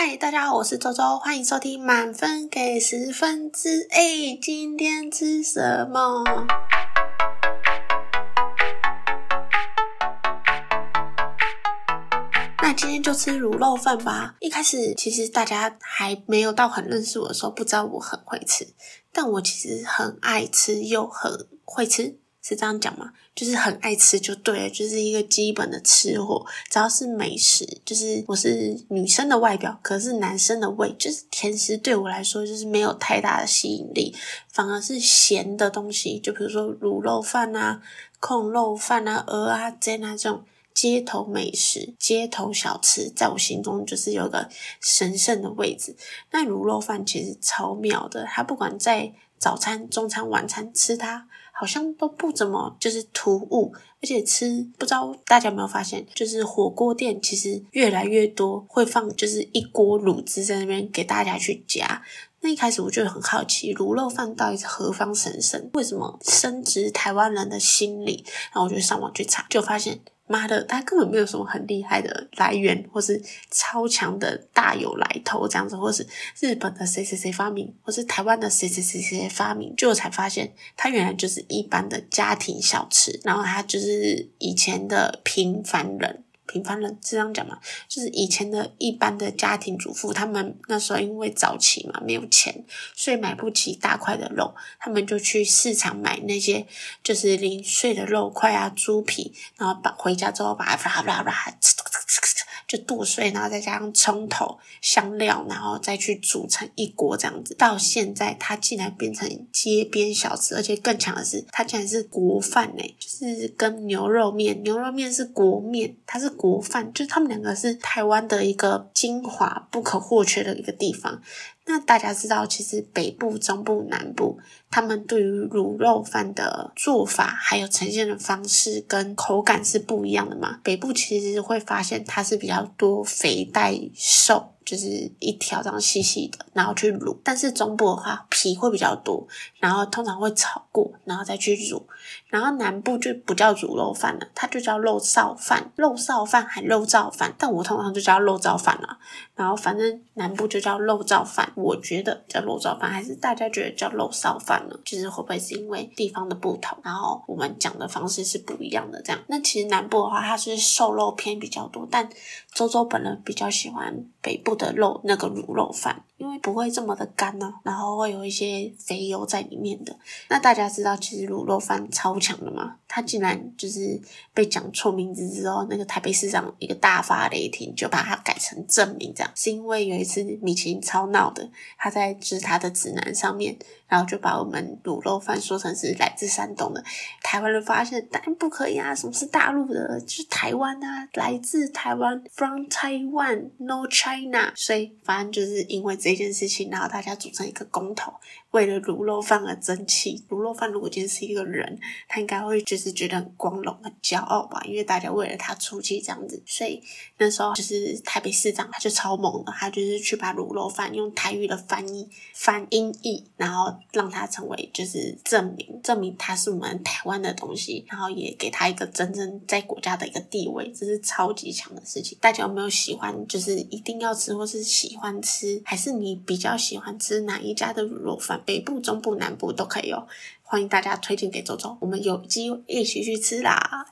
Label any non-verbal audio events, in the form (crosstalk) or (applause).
嗨，Hi, 大家好，我是周周，歡迎收聽滿分給十分之哎，今天吃什麼？ (music) 那今天就吃滷肉飯吧。一開始其實大家還沒有到很認識我的時候，不知道我很會吃，但我其實很愛吃又很會吃。是這樣講嗎？就是很愛吃，就對了，就是一個基本的吃貨。只要是美食，就是我是女生的外表，可是男生的胃，就是甜食對我來說就是沒有太大的吸引力，反而是鹹的東西，就比如說滷肉飯啊、控肉飯啊、蚵仔煎啊這種。街頭美食、街頭小吃，在我心中就是有一個神聖的位置。那滷肉飯其實超妙的，它不管在早餐、中餐、晚餐吃它，好像都不怎麼就是突兀。而且吃不知道大家有沒有發現，就是火鍋店其實越來越多會放，就是一鍋滷汁在那邊給大家去夾。那一開始我就很好奇，滷肉飯到底是何方神聖？為什麼深植台灣人的心裡？然後我就上網去查，就發現。媽的，他根本沒有什麼很厲害的來源，或是超強的大有來頭這樣子，或是日本的誰誰誰發明，或是台灣的誰誰誰誰發明，就我才發現他原來就是一般的家庭小吃，然後他就是以前的平凡人，平凡人這樣講嘛，就是以前的一般的家庭主婦，他們那時候因為早起嘛，沒有錢，所以買不起大塊的肉，他們就去市場買那些就是零碎的肉塊啊，豬皮，然後把回家之後把它啦啦啦吃掉。就剁碎，然後再加上蔥頭、香料，然後再去煮成一鍋這樣子。到現在，它竟然變成街邊小吃，而且更強的是，它竟然是國飯哎、欸！就是跟牛肉麵，牛肉麵是國麵，它是國飯，就他們兩個是台灣的一個精華，不可或缺的一個地方。那大家知道，其實北部、中部、南部，他們對於滷肉飯的做法還有呈現的方式跟口感是不一樣的嘛？北部其實會發現它是比較多肥帶瘦。就是一條這樣細細的，然後去滷。但是中部的話，皮會比較多，然後通常會炒過，然後再去滷。然後南部就不叫滷肉飯了，它就叫肉臊飯。肉臊飯還肉燥飯，但我通常就叫肉燥飯了。然後反正南部就叫肉燥飯，我覺得叫肉燥飯還是大家覺得叫肉臊飯呢？就是會不會是因為地方的不同，然後我們講的方式是不一樣的這樣。那其實南部的話，它是瘦肉片比較多，但周周本人比較喜歡北部的肉，那個滷肉飯。因為不會這麼的乾呢、啊，然後會有一些肥油在裡面的。那大家知道其實滷肉飯超強的嘛，它竟然就是被講錯名字之、之後，那個台北市長一個大發雷霆，就把它改成正名這樣，是因為有一次米其林超鬧的，他在就是他的指南上面，然後就把我們滷肉飯說成是來自山東的。台灣人發現，當然不可以啊，什麼是大陸的？就是台灣啊，來自台灣，from Taiwan, no China。所以反正就是因為這。這件事情，然後大家組成一個公投，為了滷肉飯而爭氣。滷肉飯如果今天是一個人，他應該會就是覺得很光榮、很驕傲吧，因為大家為了他出氣這樣子。所以那時候就是台北市長他就超猛的，他就是去把滷肉飯用台語的翻譯翻音譯，然後讓它成為就是證明，證明他是我們台灣的東西，然後也給他一個真正在國家的一個地位，這是超級強的事情。大家有沒有喜歡？就是一定要吃，或是喜歡吃，還是？你比較喜歡吃哪一家的滷肉飯？北部、中部、南部都可以哦，歡迎大家推薦給周周，我們有機會一起去吃啦。